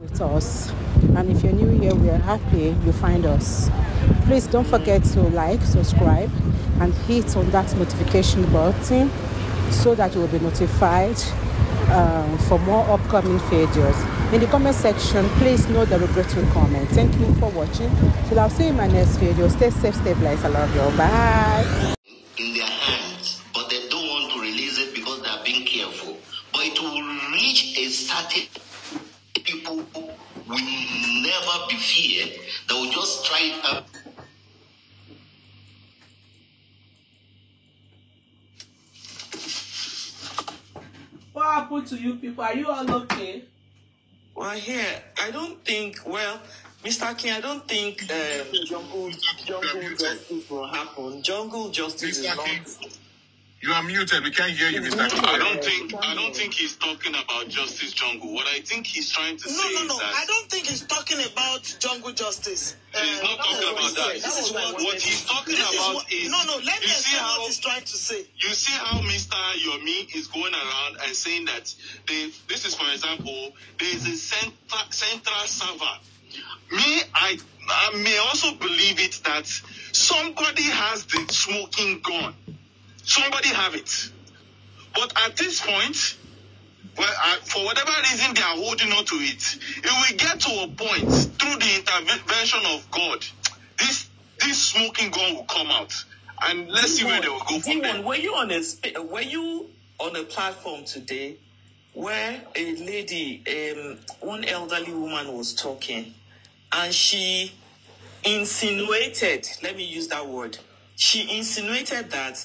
with us. And if you're new here, we are happy you find us. Please don't forget to like, subscribe, and hit on that notification button so that you will be notified um, for more upcoming videos. In the comment section, please note the regretful comment. Thank you for watching. So I'll see you in my next video. Stay safe, stay blessed. I love you. Bye. will never be feared. They will just try up. What happened to you people? Are you all okay? Well, here, yeah, I don't think, well, Mr. King, I don't think um, jungle, jungle justice will happen. Jungle justice is not... You are muted. We can't hear you, Mr. I don't think I don't think he's talking about Justice Jungle. What I think he's trying to say no, no, no. is that I don't think he's talking about Jungle Justice. He's uh, not talking about that. This is what, what he's talking this about is, what, is, no, no. Let me see how, what he's trying to say. You see how Mr. Yomi is going around and saying that they, this is, for example, there is a central central server. Me, I, I may also believe it that somebody has the smoking gun. Somebody have it. But at this point, well, uh, for whatever reason they are holding on to it, it will get to a point through the intervention of God. This this smoking gun will come out, and let's see where they will go from there. Were you on a were you on a platform today where a lady, um, one elderly woman was talking, and she insinuated. Let me use that word. She insinuated that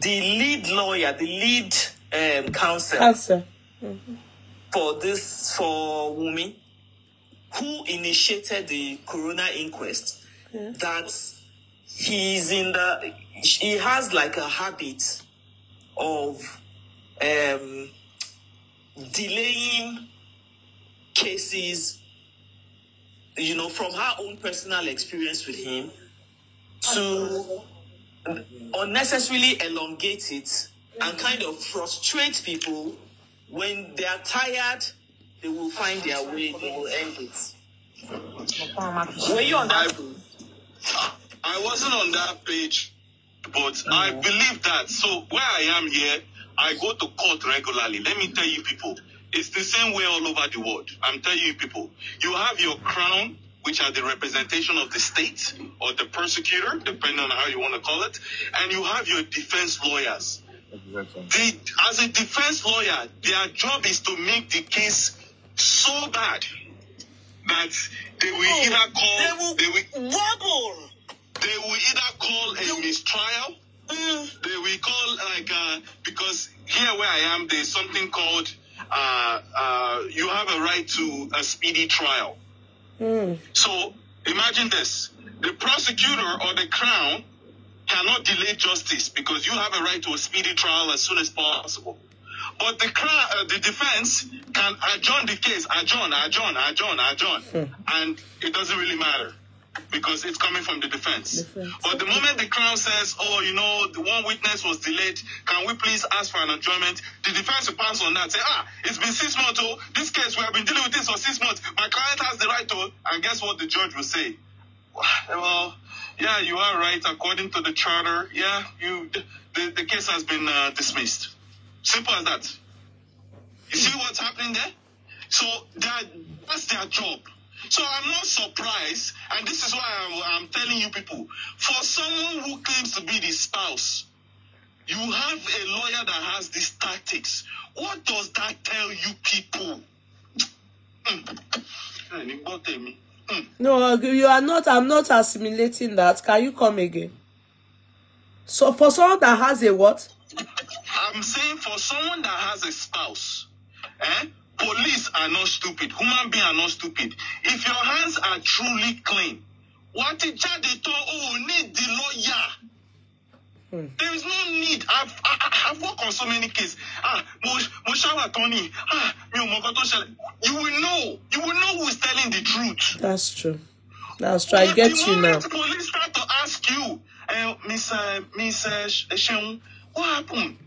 the lead lawyer, the lead um, counsel Mm-hmm. for this for Wumi, who initiated the corona inquest, yeah. that he's in the he has like a habit of um, delaying cases, you know, from her own personal experience with him to unnecessarily elongate it and kind of frustrate people when they are tired they will find their way they will end it were you on that I, I wasn't on that page but mm. I believe that so where I am here I go to court regularly let me tell you people it's the same way all over the world I'm telling you people you have your crown which are the representation of the state or the persecutor, depending on how you want to call it, and you have your defense lawyers. The, as a defense lawyer, their job is to make the case so bad that they will oh, either call they will, they will wobble. They will either call a mistrial. Mm. They will call like uh, because here where I am, there's something called uh, uh, you have a right to a speedy trial. Mm. So imagine this the prosecutor or the crown cannot delay justice because you have a right to a speedy trial as soon as possible. But the crown, uh, the defense can adjourn the case, adjourn, adjourn, adjourn, adjourn, mm. and it doesn't really matter because it's coming from the defense. defense. But the moment the crown says, oh, you know, the one witness was delayed, can we please ask for an adjournment? The defense will pass on that, say, ah, it's been six months, oh, this case, we have been dealing with this for six months. My client has the right to, oh. and guess what the judge will say? Well, yeah, you are right. According to the charter, yeah, you the, the case has been uh, dismissed. Simple as that. You see what's happening there? So that, that's their job. So I'm not surprised, and this is why I'm, I'm telling you people for someone who claims to be the spouse, you have a lawyer that has these tactics. What does that tell you people? Hmm. Hmm. Hmm. No, you are not. I'm not assimilating that. Can you come again? So for someone that has a what? I'm saying for someone that has a spouse, eh? Police are not stupid. Human being are not stupid. If your hands are truly clean, what jáde tó o need the lawyer. Hmm. There is no need. I've, I, I've worked on so many cases. Ah, Moshawa Tony. Ah, mi ò You will know. You will know who is telling the truth. That's true. That's true. I but get you now. The police start to ask you, uh, Miss uh, Miss uh, eh, Sheung, what happened?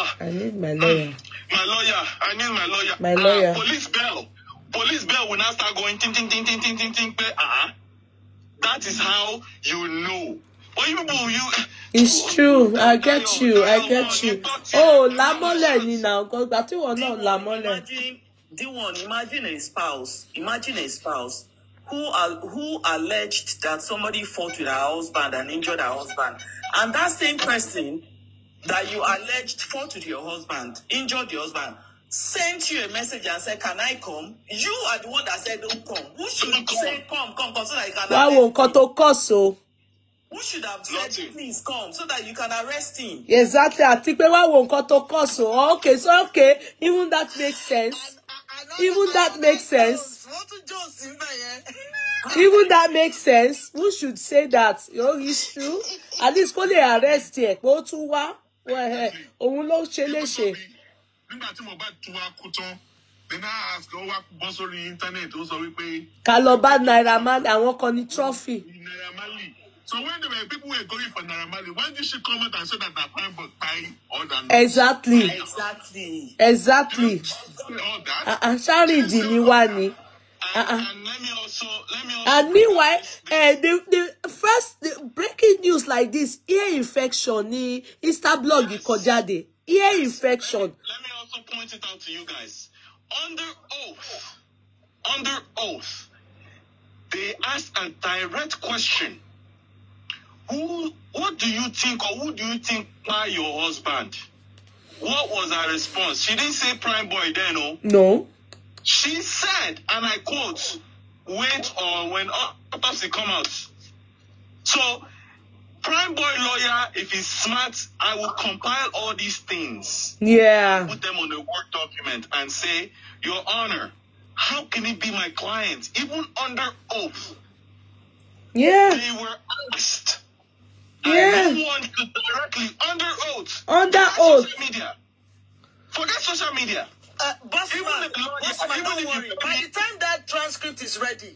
ah, I need my lawyer. Ah, my lawyer. I need my lawyer. My ah, lawyer. Police bell. Police bell will now start going ting ting ting ting ting ting ting. Ah, that is how you know. But you you. It's true. I get you. I get you. Oh, lamole ni now. because that you are not lamole. D1, imagine a spouse. Imagine a spouse who who alleged that somebody fought with her husband and injured her husband, and that same person that you alleged fought with your husband, injured your husband, sent you a message and said, Can I come? You are the one that said, Don't come. Who should come. say, Come, come, come, so that you can. Why won't cut Koto so? Who should have said, Please come, so that you can arrest him? Exactly. I think why won't cut Koto so? Okay, so okay. Even that makes sense. Even that makes sense. Even that makes sense. Who should say that? Your issue. At least call the arrest here. Go to what? Eh, òun ló ṣe léṣe. nígbà tí mo bá tún wa kú tán nínú àsìkò wa bọ́ sórí íńtánẹ́ẹ̀tì ó sọ wípé. ká lọ bá naira marley àwọn kan ní trọ́fì. naira marley So when the people were going for Naramali, why did she come out and say that the prime was buying all Exactly. Exactly. Exactly. All that. Uh, uh, ni wá ni. And, uh-uh. and let me also let me also And meanwhile, uh, the the first the breaking news like this, ear infection ni Instablog yes. kọjá Ear infection. Let me, also point it out to you guys. Under oath, under oath, they asked a direct question. Who what do you think or who do you think by your husband? What was her response? She didn't say prime boy then, oh. No. She said, and I quote, wait or uh, when autopsy come out. So, prime boy lawyer, if he's smart, I will compile all these things. Yeah. Put them on a work document and say, Your Honor, how can he be my client, even under oath? Yeah. They were asked. Yeah. And no one directly under oath. Under oath. Social media. Forget social media. uh, bossman, bossman, don't worry. By the time that transcript is ready,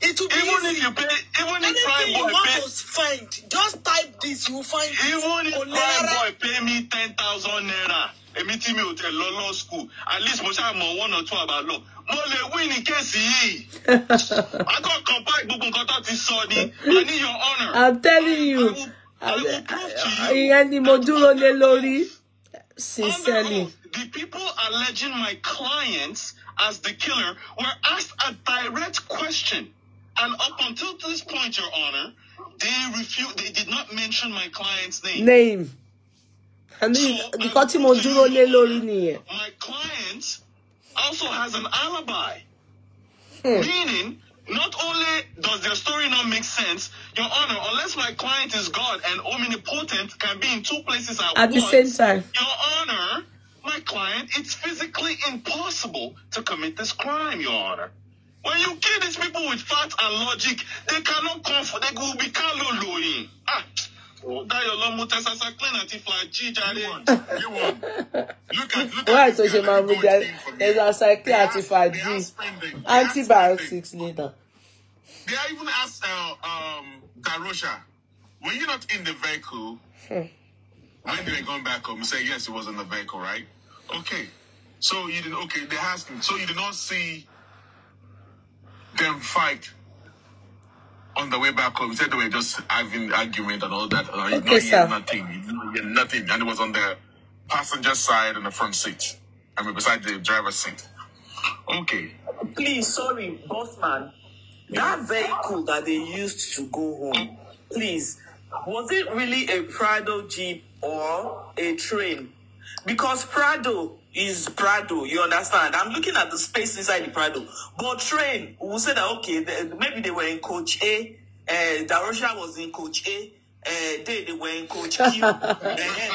it will be even easy. If you pay, even if Prime Boy you want pay, to find, just type this, you will find even it. Even if Prime Boy pay me ten thousand naira, èmi tí mi ò tẹ̀ law school, at least mo ṣáà mọ̀ one or two about law. Mo lè win ní kéèsì yìí. I got compact book nǹkan tó ti sọ ni. I need your honor. I'm telling you. you. ni mo dúró lé lórí. Sincerely. the people alleging my clients as the killer were asked a direct question. And up until this point, Your Honor, they refused, they did not mention my client's name. Name. And so, nǹkan tí mo lé lórí nìyẹn. My client also has an alibi. Hmm. Meaning, not only does their story not make sense, Your Honor, unless my client is God and omnipotent, can be in two places at, at once. At the same time. Your Honor, my client, it's physically impossible to commit this crime, Your Honor. When you kill these people with facts and logic, they cannot come for They will be kaloloyin. Ah, oh, Dayo Lomu Tesasa clean at if like Jijare. You won. Look at look Why at. Why such a man that? There's a psychiatric for Antibiotics later. They even asked uh, um, Darosha, were you not in the vehicle? Hmm. Why did going come back home, and say, yes, it was in the vehicle, right? Okay. So you did okay, they're asking. So you did not see them fight on the way back home. You said they were just having argument and all that. Uh, you okay, did not hear nothing. You did not hear nothing. And it was on the passenger side in the front seat. I mean beside the driver's seat. Okay. Please, sorry, boss man. That vehicle that they used to go home, mm. please, was it really a Prado Jeep or a train. Because Prado is Prado, you understand? I'm looking at the space inside the Prado. But train, we say that, okay, maybe they were in coach A, uh, eh, Russia was in coach A, uh, they, they were in coach Q.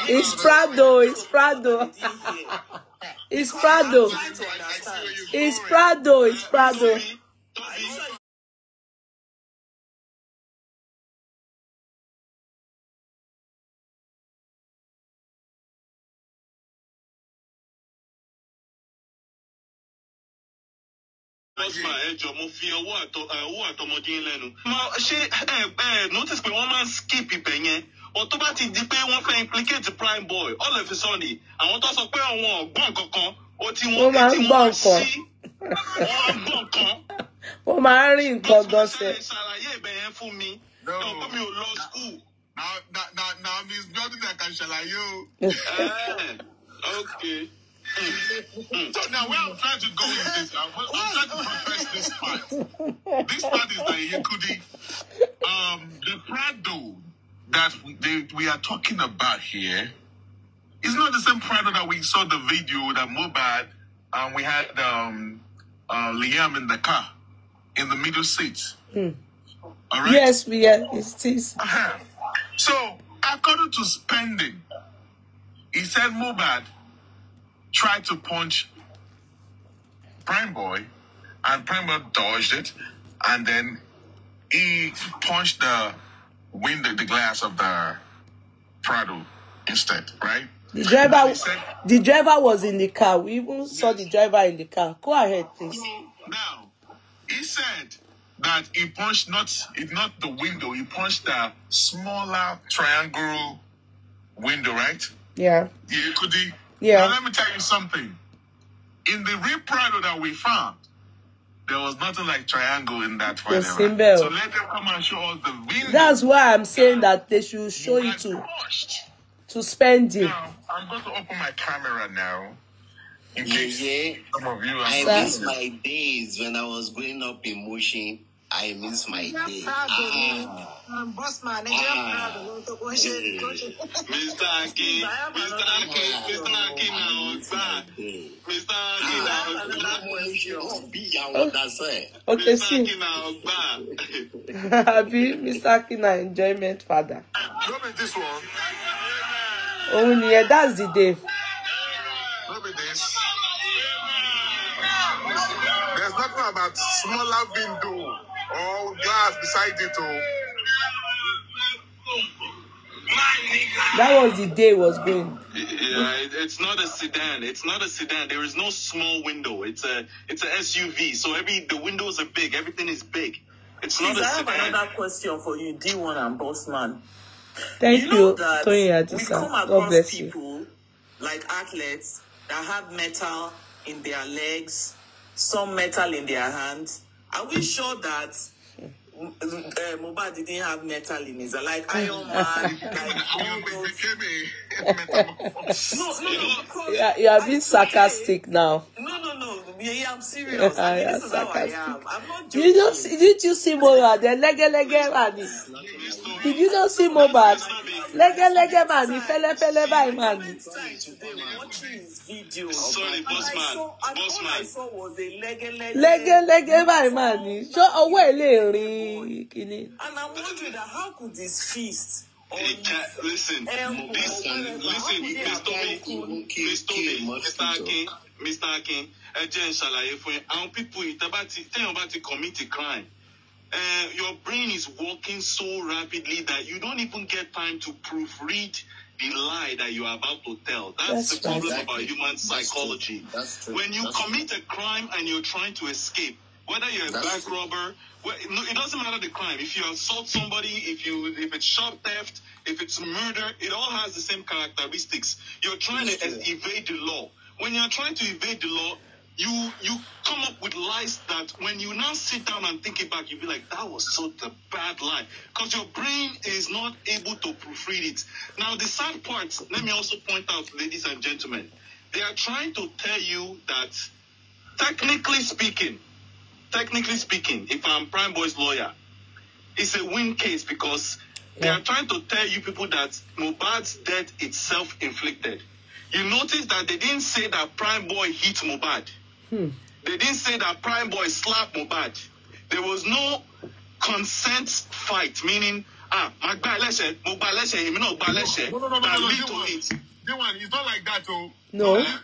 it's Prado, it's Prado. It's Prado. It's Prado, it's Prado. lọ́fà ẹjọ́ mo fi owó eh, àtọmọdé lẹ́nu. mo ṣe ẹ eh, ẹ eh, notice pé wọ́n máa ń skip ibẹ̀ yẹn o tó bá ti di pé wọ́n fẹ́ implicate prime boy all of a sudden àwọn tó sọ pé àwọn ọ̀gbọ́n kankan ó ti wọ́n ti wọ́n sí wọ́n gbọ́n kan. ó máa ń rí nǹkan gọ́sẹ̀. ṣàlàyé ibẹ̀ yẹn fún mi ọkọ mi ò lọ school. na na na miss jordan kan ṣàlàyé o. ok. So now where I'm trying to go with this. I'm, I'm trying to progress this part. This part is that Yekudi, um, the Prado that we, they, we are talking about here is not the same Prado that we saw the video that Mobad um, we had um, uh, Liam in the car in the middle seat. Hmm. All right. Yes, we are. It is. Uh-huh. So according to spending, he said Mobad tried to punch Prime Boy, and Prime Boy dodged it, and then he punched the window, the glass of the Prado instead, right? The driver, said, the driver was in the car. We even saw the driver in the car. Go ahead, please. Now, he said that he punched not it not the window. He punched the smaller triangle window, right? Yeah. Yeah, could he? Yeah. Now, let me tell you something. In the real product that we found, there was nothing like triangle in that for yes, them. So let them come and show us the video. That's why I'm saying that they should show you it to, crushed. to spend it. Now, I'm going to open my camera now. In yeah, case yeah. some of you are I miss my days when I was growing up in Mushin. I miss my day. Ah, boss Mr. Ah. Aki, Mr. Aki, Mr. Aki na ọ̀sán. Mr. Aki na ọ̀sán. Bí ìyàwó dasẹ̀. Okay, see. Mr. Aki na ọ̀sán. Abi Mr. Aki na enjoyment father. No be this one. Òun nìyẹn, that's the day. No be this. There's nothing about smaller window. All guys beside it, oh. That was the day it was going. Yeah, it, it's not a sedan. It's not a sedan. There is no small window. It's a it's an SUV. So every the windows are big. Everything is big. It's not Please, a I sedan. I have another question for you, D1 and Bossman. Thank you. Know you that Tony we come across people you. like athletes that have metal in their legs, some metal in their hands are we sure that uh, Mobad didn't have metal in his like Iron Man, like no, no, no. You are, you are being sarcastic now. No, no, no. Yeah, I'm serious. I mean, this is how I am. I'm not joking. You don't see, Didn't you see Mora? The lege lege man. Did you not see Mohbad? Lege lege mani. Fele fele by mani. Today, watching his video. Sorry, bossman. Bossman. All I saw was a lege lege. Lege lege by man. So away le ri kini. And I'm wondering how could this feast Hey, cat, listen, listen, listen, listen, Mr. Mr. Mr. Mr. Mr. Mr. Mr. Mr. Mr. Mr. Akin a general ń ṣàlàyé fún yín àwọn people ìtẹ́bá bá ti commit a crime uh, your brain is working so rapidly that you don't even get time to proofread the lie that you are about to tell. That's, That's the problem exactly. about human psychology. That's true. That's true. When you That's commit true. a crime and you're trying to escape, whether you're a That's bank robber, well, no, it doesn't matter the crime. If you assault somebody, if you if it's shop theft, if it's murder, it all has the same characteristics. You're trying That's to true. evade the law when you are trying to evade the law, you you come up with lies that when you now sit down and think it back, you'll be like, that was such a bad lie. Because your brain is not able to proofread it. Now, the sad part, let me also point out, ladies and gentlemen, they are trying to tell you that, technically speaking, technically speaking, if I'm Prime Boy's lawyer, it's a win case because yeah. they are trying to tell you people that Mubad's death is self inflicted. You notice that they didn't say that Prime Boy hit Mubad. Hmm. They didn't say that Prime Boy slapped Mubad. There was no consent fight, meaning, ah, my guy, let's say, my let's say, him, no, guy, let's say, no, no, no, no, no, no, no, it. One, it's not like that, oh. No. no. That,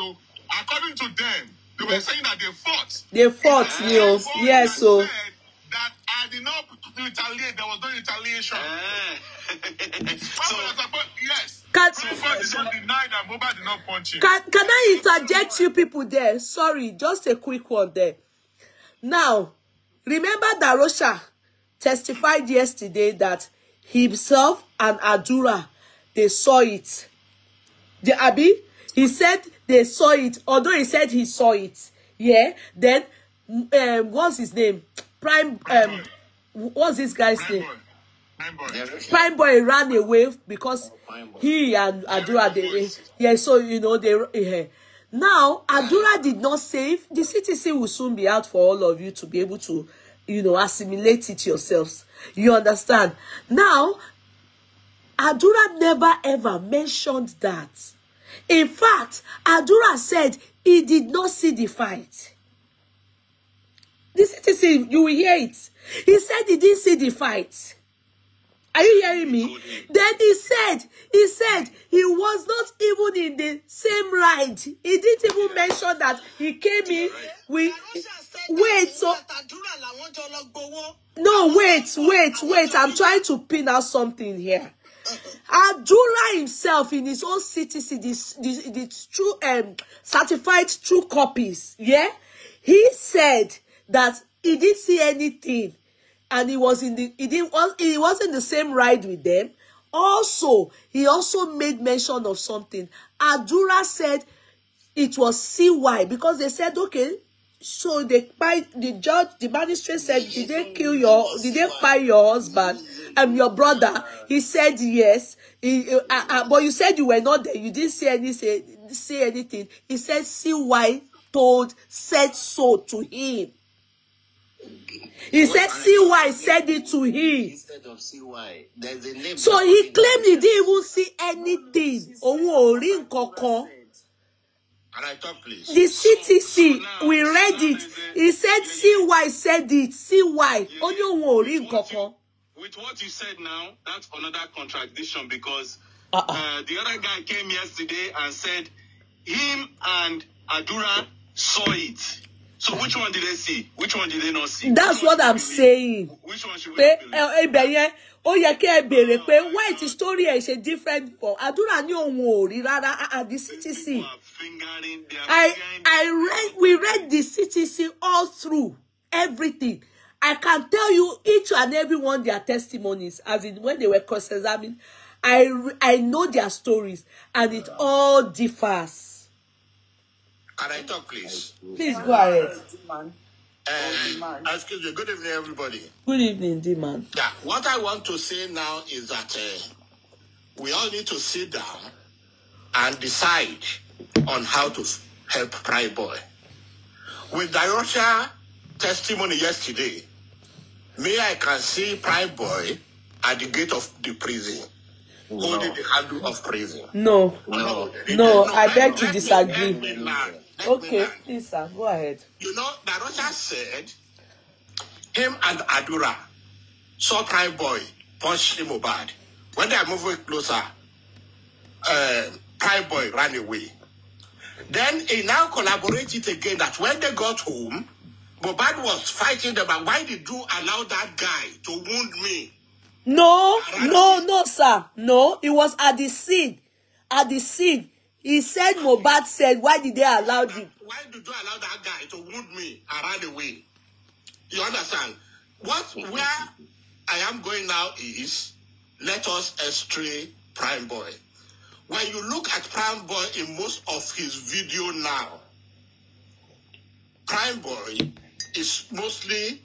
oh. According to them, they were saying that they fought. They fought, yeah. Yes, yeah, so. that I did not retaliate. There was no retaliation. Uh, so, yes. Can, can, can I interject you people there? Sorry, just a quick one there. Now, remember that Russia testified yesterday that himself and Adura, they saw it. The Abi, he said they saw it, although he said he saw it. Yeah, then, um, what's his name? Prime, um, what's this guy's Prime name? Boy. Prime Boy ran away because oh, he and Adura they yeah so you know they yeah. now Adura did not save the CTC will soon be out for all of you to be able to you know assimilate it yourselves you understand now Adura never ever mentioned that in fact Adura said he did not see the fight the CTC you will hear it he said he didn't see the fight Are you hearing me? Then he said, he said he was not even in the same ride. He didn't even mention that he came in with wait so no wait wait wait i'm trying to pin out something here uh-uh. Abdullah himself in his own CTC, the, the, the true um, certified true copies, yeah, he said that he didn't see anything and he was in the he didn't he wasn't the same ride with them. Also, he also made mention of something. Adura said it was CY because they said, okay, so they by the judge, the magistrate said, did they kill your, did they buy your husband and um, your brother? He said yes. He, uh, uh, uh, but you said you were not there. You didn't say any say, say anything. He said CY told said so to him. He said, see why said it to him. Instead of see why, there's a name. So he claimed he didn't even see anything. Òun ò rí Can I talk, please? The CTC, so we read it. He said, see why said it. See why. Ó ní òun ò With what you said now, that's another contradiction because uh, uh, the other guy came yesterday and said him and Adura saw it. So which one did they see? Which one did they not see? That's what I'm saying. Which one should we pé eh, ibẹ̀ yẹn ó yẹ kí ẹ béèrè pé why ti story is a different for I do not know rí rárá at the CTC. I I read we read the CTC all through everything. I can tell you each and every one their testimonies as in when they were cross-examined. I I know their stories and it all differs. Can I talk, please? Please go ahead. Uh, excuse me. Good evening, everybody. Good evening, D-Man. Yeah, what I want to say now is that uh, we all need to sit down and decide on how to help Pride Boy. With Diosha testimony yesterday, me, I can see Pride Boy at the gate of the prison holding the handle of prison. No, no, no, I beg to disagree. Okay, please, sir, go ahead. You know, that Russia said him and Adura, short time boy, punched him Mohbad. When they are moving closer, uh, um, Prime Boy ran away. Then he now collaborated again that when they got home, Mohbad was fighting them, But why did you allow that guy to wound me? No, no, no, sir. No, it was at the seed. At the seed. He said Mohbad said, why did they allow the... Why did you allow that guy to wound me and run away? You understand? What, where I am going now is, let us stray Prime Boy. When you look at Prime Boy in most of his video now, Prime Boy is mostly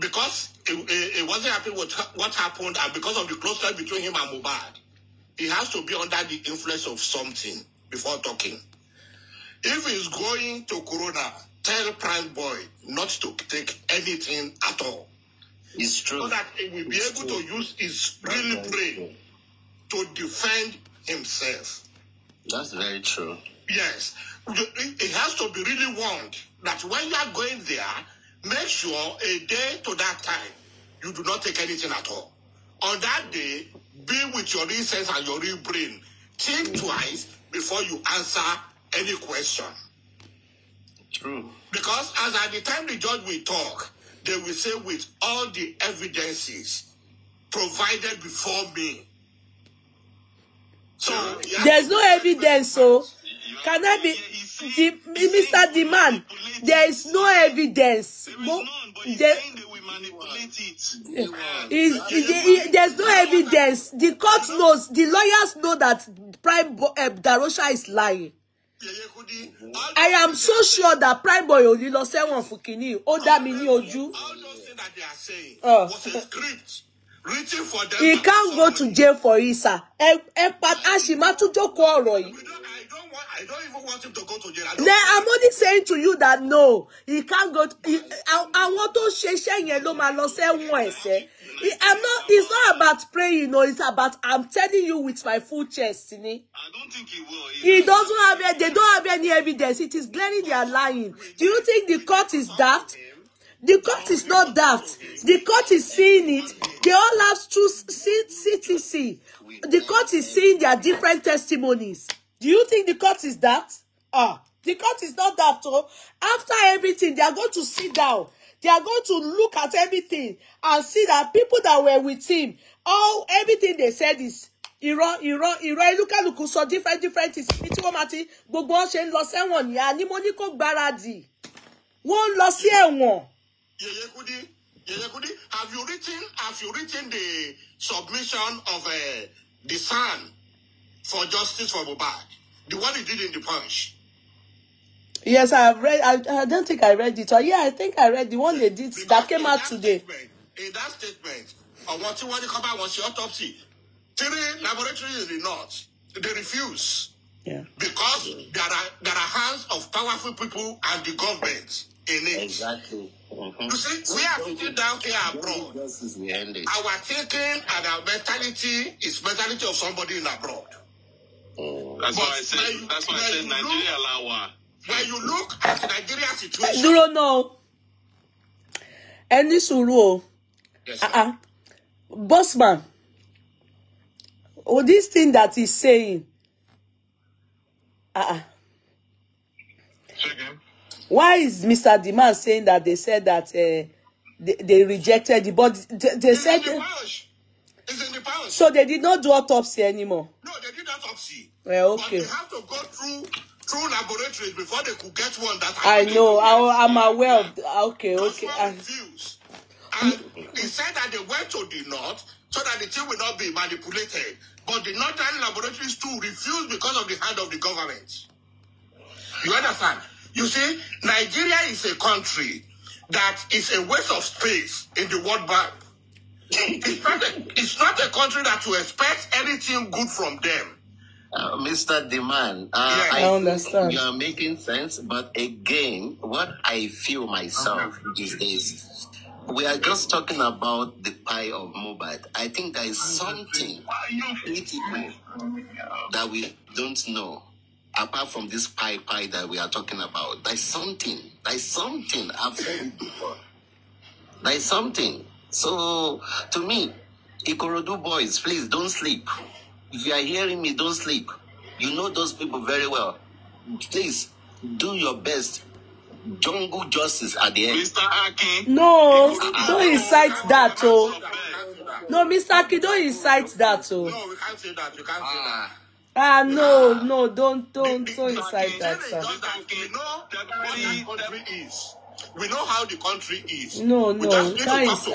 because he, he wasn't happy with what happened, and because of the closeness between him and Mubad, he has to be under the influence of something before talking. If he's going to Corona, tell Prime Boy not to take anything at all. It's true. So that he will be it's able true. to use his real brain to defend himself. That's very true. Yes. he has to be really warned that when you are going there, make sure a day to that time you do not take anything at all. On that day, be with your real sense and your real brain. Think twice before you answer any question. True. Because as at the time the judge will talk, they will say with all the evidences provided before me. So there's no evidence, so oh. can I be the Mr. Demand, there is no evidence. there's no evidence. The court knows, the lawyers know that Prime Bo uh, Darosha is lying. I am so sure that Prime Boy Oni lọ fukini. fún kìíní, ó That they are oh. He can't go to jail for it, sir. Ẹ pa àṣìmá tún jókòó I don't even want him to go to jail. Then I'm only saying to you that no, he can't go. To, he, àwọn tó ṣe iṣẹ́ yẹn ló máa lọ sẹ́wọ̀n ẹ̀ṣẹ̀. I'm not. It's not about praying. You know, it's about. I'm telling you with my full chest, ni. I don't think he will. He, he doesn't have. They don't have any evidence. It is glaring. They are lying. Do you think the court is daft? The court is not daft. The court is seeing it. They all have to see, see, see. The court is seeing their different testimonies. Do you think the court is that? Ah, the court is not that. though. after everything, they are going to sit down. They are going to look at everything and see that people that were with him, all everything they said is Iran, Iran, irọ́ irọ́ irọ́ elúkálùkù sọ different different things Iti tí wọ́n máa ti gbogbo wọn ṣe ń lọ sẹ́wọ̀n ní àní mo ní kó gbáradì wọ́n ń Yeye Kudi, Yeye Kudi, have you written have you written the submission of uh, the SAN for justice for Mohbad. The one he did in the punch. Yes, I've read. I, I don't think I read it. Or oh, yeah, I think I read the one they did because that came out that today. In that statement, I want to when you come back, was the autopsy. Three laboratories did not. They refuse. Yeah. Because there are there are hands of powerful people and the government in it. Exactly. Mm-hmm. You see, we are sitting down here abroad. Our thinking and our mentality is mentality of somebody in abroad. That's why I said. that's why I said Nigeria lawa. When you look at Nigeria situation. Dúró náà o. Ẹ ní sùúrù o. Yes, sir. Ah, ah. Bossman, oh, this thing that he's saying. Uh-uh. again. Why is Mr. Demand saying that they said that uh, they, they rejected the body? They, they said. In the in the pouch. So they did not do autopsy anymore. No, they did autopsy. Yeah, okay. But they have to go through through laboratories before they could get one that I know. I, I'm aware of. The, ah, okay, Those okay. I, views. And he said that they went to the north so that the thing will not be manipulated. But the northern laboratories too refused because of the hand of the government. You understand? You see, Nigeria is a country that is a waste of space in the World Bank. it's, not a, it's not a country that you expect anything good from them. Uh, Mr. Demand, uh, yeah, I, I, understand. You are making sense, but again, what I feel myself is this. We are just talking about the pie of mobile. I think there is something critical that we don't know apart from this pie pie that we are talking about. There's something. There's something. I've There's something. So to me, Ikorodu boys, please don't sleep. If you are hearing me, don't sleep. You know those people very well. Please do your best. Jungle justice at the end. Mr. Aki. No, don't incite that, oh. No, Mr. Aki, don't incite that, oh. No, we can't say that. We can't say that. Ah, ah no, ah. no, don't don't don't incite that sir. We know the country is. We know how the country is. No, no, we,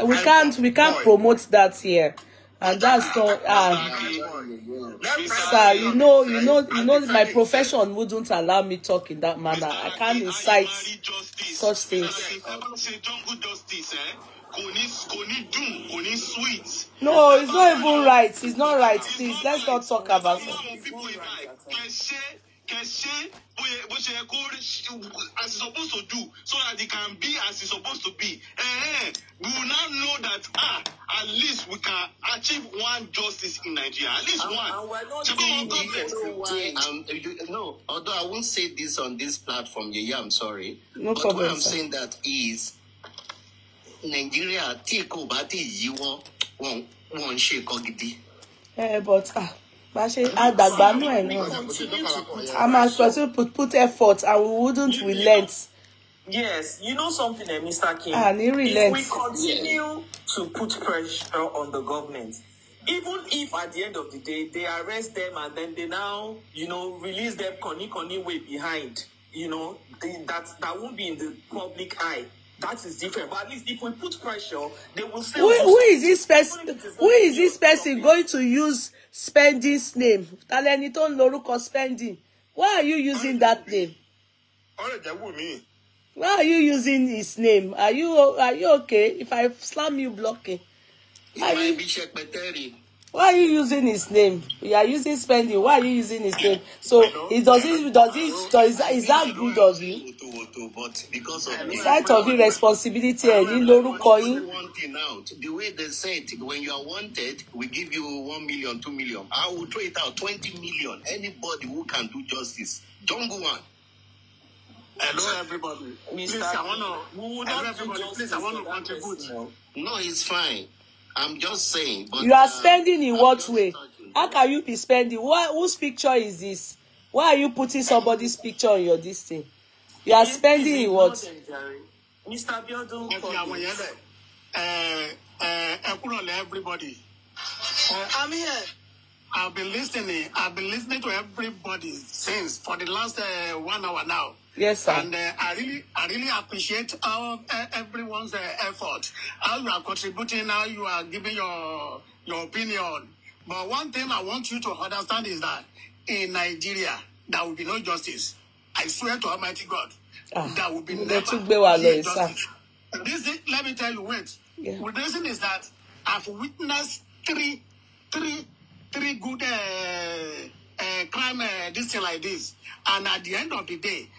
we can't we can't promote that here and that's all. Um, sir, you know, you know, you know, my profession wouldn't allow me talk in that manner. I can't incite such things. No, it's not even right. It's not right. Please, let's not talk about it kẹ́ ṣe bó ṣe yẹ kó as it's supposed to do so that it can be as it's supposed to be uh we will now know that ah at least we can achieve one justice in Nigeria at least um, one ṣe kó wọn government. no although I won't say this on this platform yeye I'm sorry no but problem, what I'm sir. saying that is Nigeria tí kò bá ti yí wọn wọn ṣe nǹkan gidi. ẹ eh, but ah. Uh, bá ṣe àdàgbà continue to put effort and we wouldn't relent. Yes, you know something, eh, Mr. King. Ah, if we continue yeah. to put pressure on the government, even if at the end of the day they arrest them and then they now, you know, release them conny conny way behind, you know, they, that that won't be in the public eye. That is different. But at least if we put pressure, they will say. Who, who is this person? Who is this person going to use spending's name? Taleni Loruko spending. Why are you using that name? Why are you using his name? Are you are you okay? If I slam you, blocking. Why are you, using his name? You are using spending. Why are you using his name? So it does it does it is that good of you? Sokoto, because of sight of irresponsibility ẹ ní lórúkọ yín. one the way they said when you are wanted we give you one million two million I will throw it out twenty million anybody who can do justice don go on. Hello, everybody. Mr. Please, I want to. Hello, everybody. Please, I want to contribute. No. no, it's fine. I'm just saying. But, you are spending in uh, I'm what way? Talking. How can you be spending? What, whose picture is this? Why are you putting somebody's picture on your this thing? you are spending in what. mr abiodun kọ mi. everybody. Uh, I'm here. I've been listening. I've been listening to everybody since for the last uh, one hour now. Yes, sir. And uh, I really, I really appreciate all uh, everyone's uh, effort. How you are contributing, how you are giving your your opinion. But one thing I want you to understand is that in Nigeria, there will be no justice. I swear to Almighty God, ah, that will be never. This is, let me tell you, wait. Yeah. The reason is that I've witnessed three, three, three good uh, uh, crime, uh, this thing like this. And at the end of the day,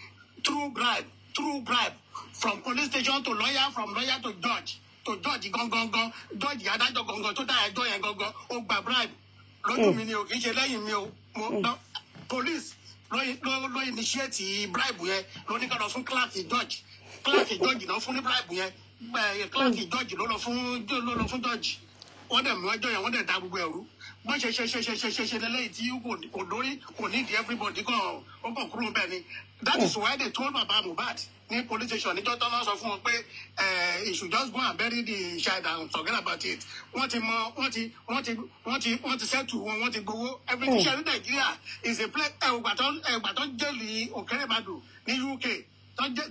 through bribe, through bribe, from police station to lawyer, from lawyer to judge, to judge gangan, judge adájọ́ gangan, tó dáa ẹjọ́ yẹn gangan, ó gba bribe. Lójú hmm. mi ni o, kì hmm. Police ló initiate bribe yẹn ló ní ká lọ fún clark george clark george lọ fún ní bribe yẹn clark george ló lọ fún george wọ́n dẹ̀ mú ẹjọ́ yẹn wọ́n dẹ̀ da gbogbo ẹ̀rú bó ṣe ṣe ṣe ṣe ṣe ṣe ṣe lẹ́yìn tí kò lórí kò ní di everybody gan ó kàn kúrò bẹ́ẹ̀ ni that is why they told baba Mohbad ní police station níjọ́ tó lọ sọ fún wọn pé you eh, should just go and bury the child and forget about it wọ́n ti mọ wọ́n ti wọ́n ti wọ́n ti wọ́n ti settle wọn wọ́n ti gbowó everything ṣe ní Nàìjíríà is a place ẹ̀wùgbàtọ́ eh, ẹ̀wùgbàtọ́ eh, jẹ́lì Òkèrèbàdù ní UK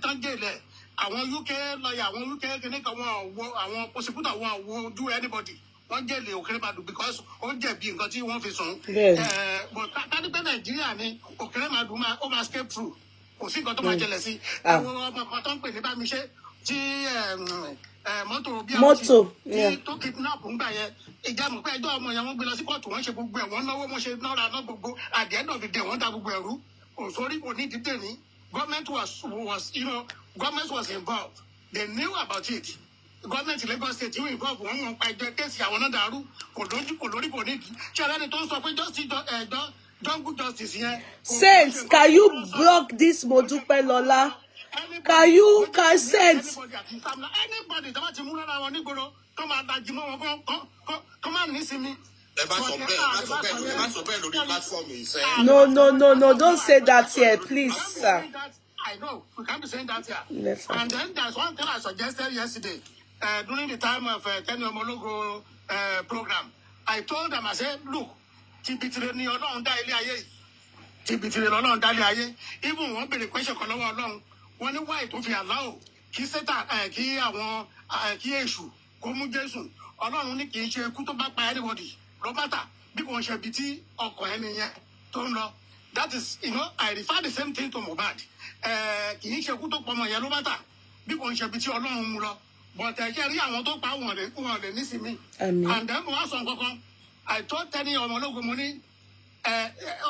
tán jẹ́lẹ̀ àwọn UK lọ́yà àwọn UK kìnnìkan wọn àwọn prosecutor wọn wọn do anybody wọ́n jẹ̀lé òkèrè màdùn because ó jẹ̀bi nǹkan tí wọ́n fi sùn. Eh, but tani pé nàìjíríà ni òkèrè màdùn ó máa escape through kò sí nǹkan tó máa jẹlẹ̀ hmm. sí ah. àwọn ọmọ kan tó ń pè ní bámiṣẹ́ tí eh, mọ́tò bí mọ́tò tó kidnap ń gbà yẹn ìjàmù pé ẹjọ́ ọmọ yẹn wọ́n gbé lọ sí kóòtù wọ́n ṣe gbogbo ẹ̀ wọ́n náwó wọ́n ṣe náírà náà gbogbo àdéhùn dìde wọ́n ta gbogbo ẹ̀rú òṣòrí òní dídè ní government was was you know government was involved they knew about it gọọmenti Lagos state yóò involve wọn wọn pa ẹjọ́ kéèsì àwọn náà dàrú kò lójú kò lórí kò nídìí tí ọlọ́ni tó ń sọ pé justice ẹjọ́ eh, jungle justice yẹn. saints can you block this Modupe Lola? can you can saints. anybody tó bá ti mú lọ́la wọn nígboro tó máa dájú mọ́ wọn kó má nísinmi. ẹ bá sọ bẹ́ẹ̀ ẹ bá sọ bẹ́ẹ̀ ẹ bá sọ bẹ́ẹ̀ lórí platform yìí sẹ́yìn. Ah, no no no no don't say that here please sir. I know we can't be saying that here. And then there's one thing I suggested yesterday uh, during the time of uh, Kenny Omologo uh, program. I told them, I said, look, tibitire ni Ọlọ́run dá ilé ayé yìí. Tibitire ni Ọlọ́run dá ilé ayé. Even wọ́n béèrè question kan lọ́wọ́ Ọlọ́run. Wọ́n ní wáyé tó fi àláwò kí sẹ́tà uh, kí àwọn uh, kí èṣù kó mú Jésù. Ọlọ́run ní kì í ṣe ikú tó bá pa anybody lọ́bàtà bí kò ń ṣe ibi tí ọkọ̀ ẹni yẹn tó ń lọ. That is, you know, I refer the same thing to Mohbad. Uh, kì í ṣe ikú tó pọ̀ ọmọ yẹn lọ́bàtà bí kò ń ṣe ibi tí Ọlọ́run mú lọ but ẹ jẹ́ rí àwọn tó pa wọn rẹ̀ wọn rẹ̀ nísìmí. and then mo wá sọ kankan àìtó tẹ́ni ọmọ ológun mo ní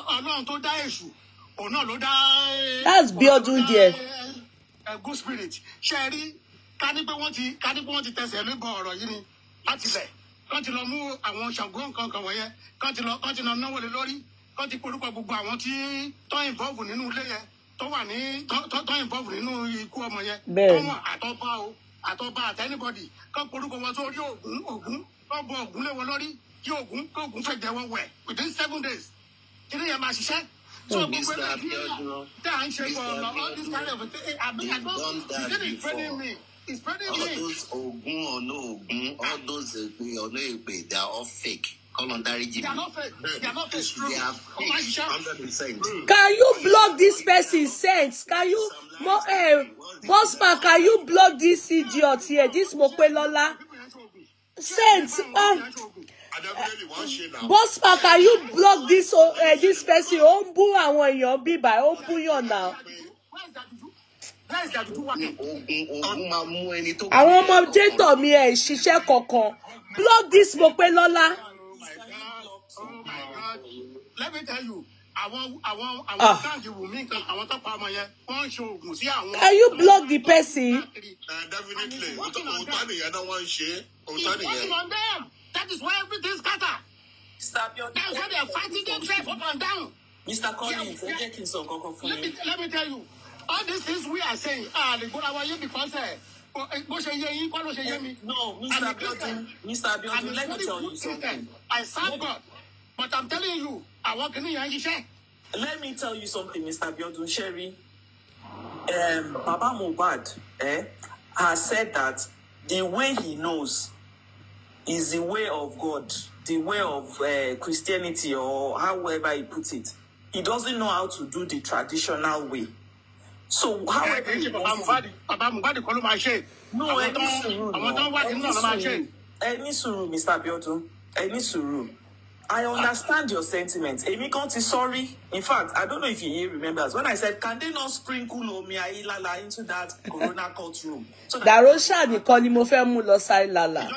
ọlọ́run tó dá èṣù òun náà ló dá. Eh, that's Bíọ́dún díẹ̀. Eh, eh, good spirit ṣe é rí ká ní pé wọ́n ti ká ní pé wọ́n ti tẹsẹ̀ lébọ̀ ọ̀rọ̀ yìí ni láti bẹ̀ kán ti lọ mú àwọn ṣàgbọ́n kan kan wọ̀nyẹn kán ti lọ kán ti lọ náwó lé lórí kán ti polúkọ gbogbo àwọn tí tó involve nínú ilé yẹn tó wà ní tó involve nínú ikú ọmọ yẹn tó wọn àtọ́bá o àtọba àtẹnibọdì kán porúkọ wọn sórí ògún ògún kán bọ ògún lé wọn lórí kí ògún kí ògún fẹjẹ wọn wẹ within seven days kí ni yẹn máa ṣiṣẹ́. So oh, Mr. Abiodun, Mr. Abiodun, all this kind of thing. I I don't. You didn't training me. It's pretty all me. those Ogun or no Ogun, all those Ogun or no Epe, they are all fake kọ́nà dáríjì mi. Can you block this person sense? Can you mo eh, bossman can you block this idiot here this Mopelola sense um, uh, can you block this uh, this person Oh, ń I want your bíbà by oh, bú yàn now. I want my gentleman here, ṣiṣẹ́ kankan block this Mopelola let me tell you àwọn àwọn àwọn ah. táǹkì Wùmí nǹkan àwọn tó pa ọmọ yẹn wọ́n ń ṣe oògùn sí àwọn. can you block the person. Uh, definitely òótọ́ nìyẹn náà wọ́n ń ṣe òótọ́ nìyẹn. that is why everything scatter. that is why they are fighting themselves up and down. Mr. Collins ẹ jẹ́ kí n sọ kọ́kọ́ fún yín. let me tell you all these things we are saying ah le gbọ́dọ̀ àwọn yóò bí kọ́sẹ̀ eh, bó ṣe yé yín kọ́ ló ṣe yé eh, mi. no Mr. Abiodun Mr. Abiodun let me tell you something. I serve God but i'm telling you àwọn kìíní yẹn ń share. let me tell you something mr biodun sherry um, baba Mubad, eh, has said that the way he knows is the way of god the way of uh, christianity or however he puts it he doesn't know how to do the traditional way. So how are you? Bàbá Mohbad kọ́ call him ṣe. No, I'm not. sùúrù. Àwọn tó ń wádìí náà ló máa ṣe. Mr. Abiodun. Ẹ ní I understand your sentiments. Èmi kan ti sorry. In fact, I don't know if Yeye remembers when I said, can they not sprinkle omi ayilala into that corona court room? So Darosha nìkan ni mo fẹ́ mú lọ sáìlàlà.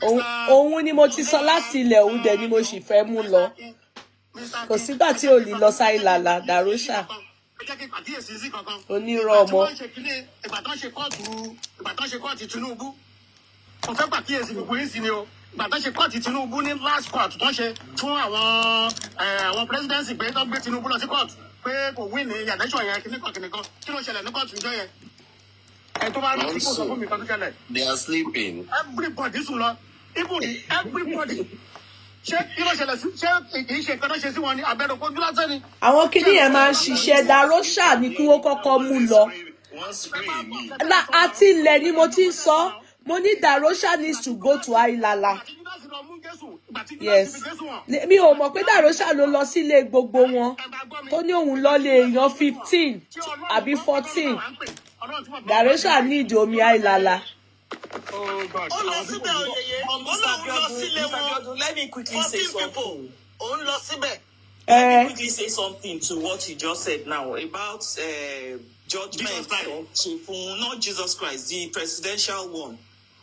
Eh, òun ni mo ti sọ láti ilẹ̀ òun dẹ̀ ni mo sì fẹ́ mú lọ. Kò sígbà tí ò ní lọ sáìlàlà, Darosha. Onírọ̀ ọmọ. Ìgbà tó ń ṣe kóòtù Tinubu, mo fẹ́ pàkíyèsí gbogbo yín sí ni bàtà kóòtù Tinubu ní last court tó ń ṣe fún àwọn àwọn presidency pé tó gbé Tinubu lọ sí court pé kò wí ní yàtẹ̀sọ̀ yẹn kíníkan kíníkan kí ló ṣẹlẹ̀ ní kóòtù ìjọ yẹn. ẹ tó bá rántí kó fún mi kan tó ṣẹlẹ̀. they are sleeping. everybody sùn lọ even everybody ṣé kí ló ṣẹlẹ̀ sí ṣé kì í ṣe nǹkan tó ṣe sí wọn àwọn kinní yẹn máa ń ṣiṣẹ́ dáró ṣáà kí wọ́n kọ́kọ́ mú lọ. àti ilẹ̀ ni mo ti ń sọ mo ní Darosha needs to go to Ayilala yes mi ò mọ̀ pé Darosha ló lọ sílé gbogbo wọn tó ní òun lọ lé èèyàn fifteen àbí fourteen Darosha need omi Ayilala. ó lọ síbẹ̀ òyeye ó lóun lọ sílé Let me eh. quickly say something to what you just said now about uh, judgment. Jesus Not Jesus Christ, the presidential one.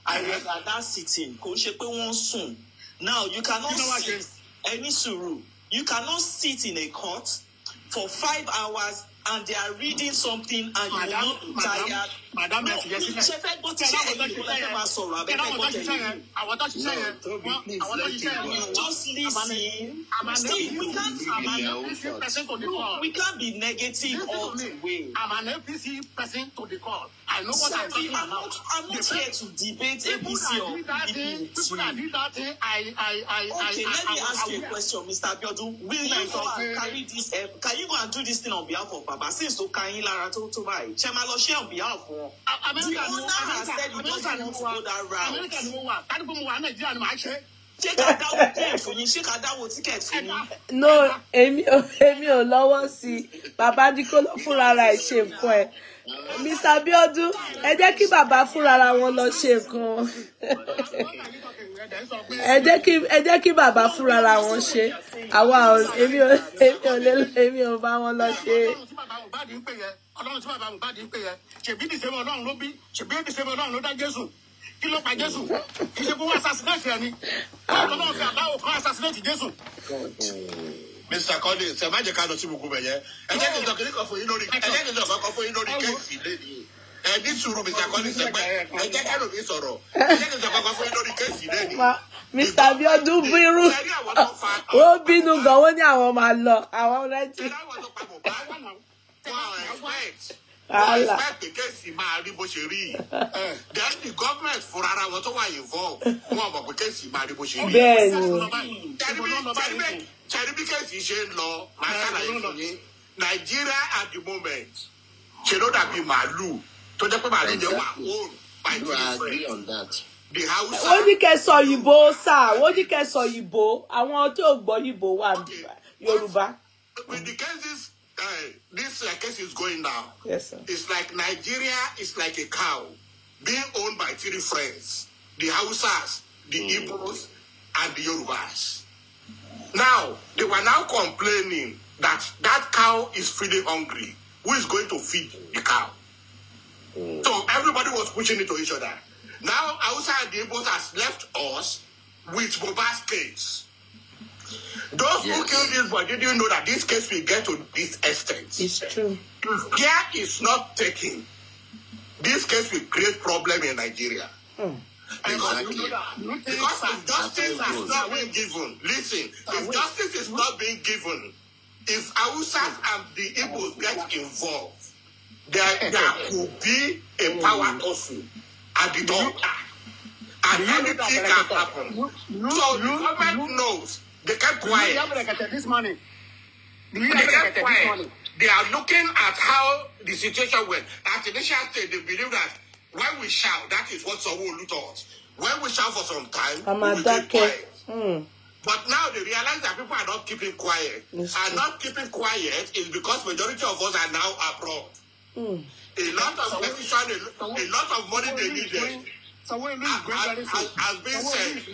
I was at that sitting kò wọ́n now you cannot you know sit any sùúrù you cannot sit in a court for five hours and they are reading something and you are will not tired. madam madam ṣe fẹ́ gbọ́ tó just listen still we can't be negative all the way. I'm an FPC person to the court. I know what I'm talking about. Not, I'm not here to debate ABC or EPG. People that did that I, I, I, okay, I, let I, me I, ask I, you a question, Mr. Abiodun. Will you go and carry this? Um, can you go and do this thing on behalf of Baba? Since to Kayin Lara to to buy, Chema lo share on behalf of. The owner has said he doesn't want to go that route. America ni mo wa, kadi mo wa Nigeria ni ma ṣe. ṣé ká dáwọ́ tíkẹ́ẹ̀tì no èmi ò èmi ò lọ́wọ́ sí i bàbá díkó ló fúnra Mr. Abiodun ẹ jẹ́ kí bàbá fúnra wọn lọ ṣe nǹkan ẹ jẹ́ kí bàbá fúnra wọn ṣe àwa èmi ò lè èmi ò bá wọn lọ ṣe. Ọlọ́run tí bàbá Mohbad ń pè yẹn ṣèbí dìsẹ́bẹ̀ Ọlọ́run ló bí ṣèbí dìsẹ́bẹ̀ Ọlọ́run ló dá Jésù kí ló pa Jésù kì í ṣe kó wọ́n assassinate ẹni. Ọlọ́run fi àbáwò kan assassinate Jésù mr collins ẹ má jẹ́ ká lọ sí gbogbo ẹ̀yẹ ẹ jẹ́ kí n sọ kí n kọ fún yín lórí ẹ jẹ́ kí n sọ kọ́kọ́ fún yín lórí kéèsì lẹ́yìn ẹ ní sùúrù mr collins ẹ pẹ́ ẹ jẹ́ ká lómi sọ̀rọ̀ ẹ jẹ́ kí n sọ kọ́kọ́ fún yín lórí kéèsì lẹ́yìn. mr abiodun bínú ó bínú gan ó ní àwọn máa lọ àwọn rẹ́jì. ẹ láwọn tó pa bò bá wọn expect wọ́n expect kẹ́sì máa rí bó ṣe rí yìí then the government fúnra ara wọn tó wà involve wọn mọ̀ pé kẹ́sì máa rí bó ṣe rí yìí tẹ̀rí bí kẹ́sì ṣe ń lọ máa ṣàlàyé fún Nigeria at the moment ṣe ló dàbí màálù tó jẹ́ pé màálù jẹ́ wà own by three friends the house. wọ́n ní kẹ́ sọ òyìnbó sáà wọ́n ní kẹ́ sọ òyìnbó àwọn tí ò gbọ́ òyìnbó wà Yorùbá. with the cases Uh, this uh, case is going down. Yes, sir. It's like Nigeria is like a cow being owned by three friends the Hausas, the mm. Igbos, and the Yorubas. Now, they were now complaining that that cow is feeling hungry. Who is going to feed the cow? Mm. So everybody was pushing it to each other. Now, Hausa and the Igbos has left us with Boba's case. Those yes. who killed this boy didn't know that this case will get to this extent. It's true. If care is not taken, this case will create problem in Nigeria. Hmm. Because, exactly. you know because if justice is not being given, listen, if justice is not being given, if Awusas hmm. and the Igbos get involved, there, hmm. there could be a power hmm. tussle at the door. And anything can happen. So the government knows They kept quiet. this money? Do they kept quiet. This money? They are looking at how the situation went. At initial stage, they believe that when we shout, that is what Sawolu taught. When we shout for some time, I'm we keep quiet. Mm. But now they realize that people are not keeping quiet. It's and not keeping quiet is because majority of us are now abroad. Mm. A lot of so, medicine, a, lot of money so they needed. So has, has, has been so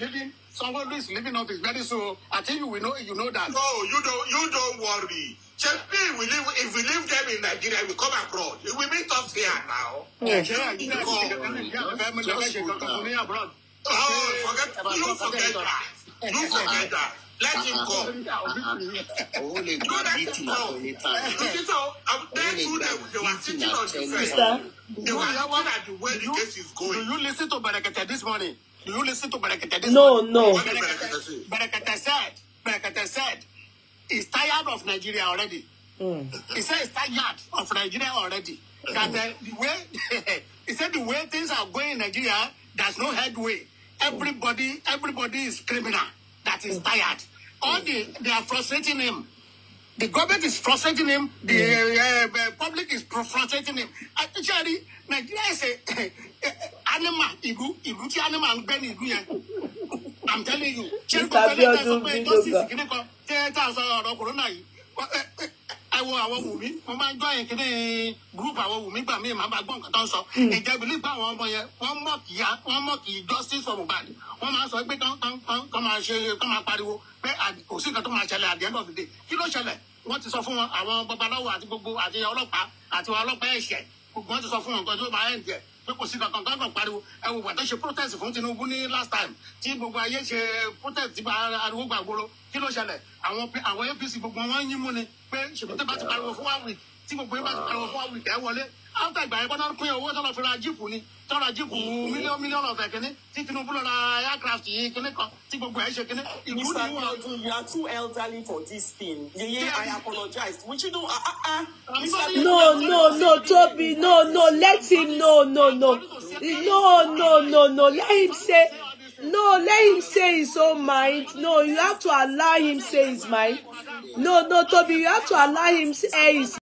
said someone who is living off his very soon. I tell you we know you know that. No, you don't you don't worry. Chepi, we live if we leave them in Nigeria, we come abroad. We meet us here now. Yes. Yeah, yeah, yeah. Oh, forget you forget that. You forget that. Let him uh-uh. go. you that him go. You see, so um, they too, they were sitting on the fence. They were looking at the way the case is going. Do you listen to Barakata this morning? Do you listen to Barakata? No, no. Barakata, Barakata said, Barakata said, he's tired of Nigeria already. Mm. He said he's tired of Nigeria already. That uh, the way he said the way things are going in Nigeria, there's no headway. Everybody, everybody is criminal. That is tired. All the they are frustrating him. The government is frustrating him. The mm. uh, uh, public is frustrating him. Actually, Nigeria is a anima ìlú ìlú tí anima ń gbé ní ìlú yẹn i'm telling you ṣé kò tẹ́lẹ̀ tẹ́ sọ pé justice kìíní kan tẹ́ tá a sọ ọ̀rọ̀ corona yìí ẹwọ eh, eh, eh, àwọn wùmí mo máa ń jọ yẹn kìíní group àwọn wùmí gbà mí màá bá gbọ́ nǹkan tó ń sọ ìjẹ́bi hmm. nígbà àwọn ọmọ yẹn wọ́n mọ̀ kì í wọ́n mọ̀ kì í justice for Mohbad wọ́n máa sọ pé kán kán kán máa ṣe kán máa pariwo pé kò sí nǹkan tó máa ṣẹlẹ̀ at the end of the day kí ló ṣẹlẹ̀ wọ́n ti sọ fún wọn àwọn babaláwo àti gbogbo àti ọlọ́pàá àti ọlọ́pàá ẹ̀ṣẹ̀ gbogbo wọ́n ti sọ fún wọn nǹkan tó máa ẹ̀ ń jẹ́ pé kò sí kankan tó ń kàn pariwo ẹ wò wà tó ṣe protest fún Tinubu ní last time tí gbogbo ayé ṣe protest ti ariwo gbàgbóró kí ló ṣẹlẹ̀ àwọn APC gbogbo wọn yín mú ni pé ṣèpótẹ́ bá ti pariwo fún wáwì tí gbogbo yín bá ti pariwo fún wáwì kẹ́ wọlé after ìgbà yẹn bọ́dá pín owó tọ́lọ̀ fi ra jíìpù ni tọ́lọ̀ jíìpù mílíọ̀n mílíọ̀n ọ̀fẹ́ kínní tí Tinubu lọ ra aircraft yìí kínní kan tí gbogbo ẹ̀ ṣe kínní. Mr. Nadu you are too elderly for this thing yeye I apologize which you know ah ah ah. no no no Tobi no no let him no no no no no no no let him say no let him say his own mind no you have to allow him say his mind no no Tobi you have to allow him say his.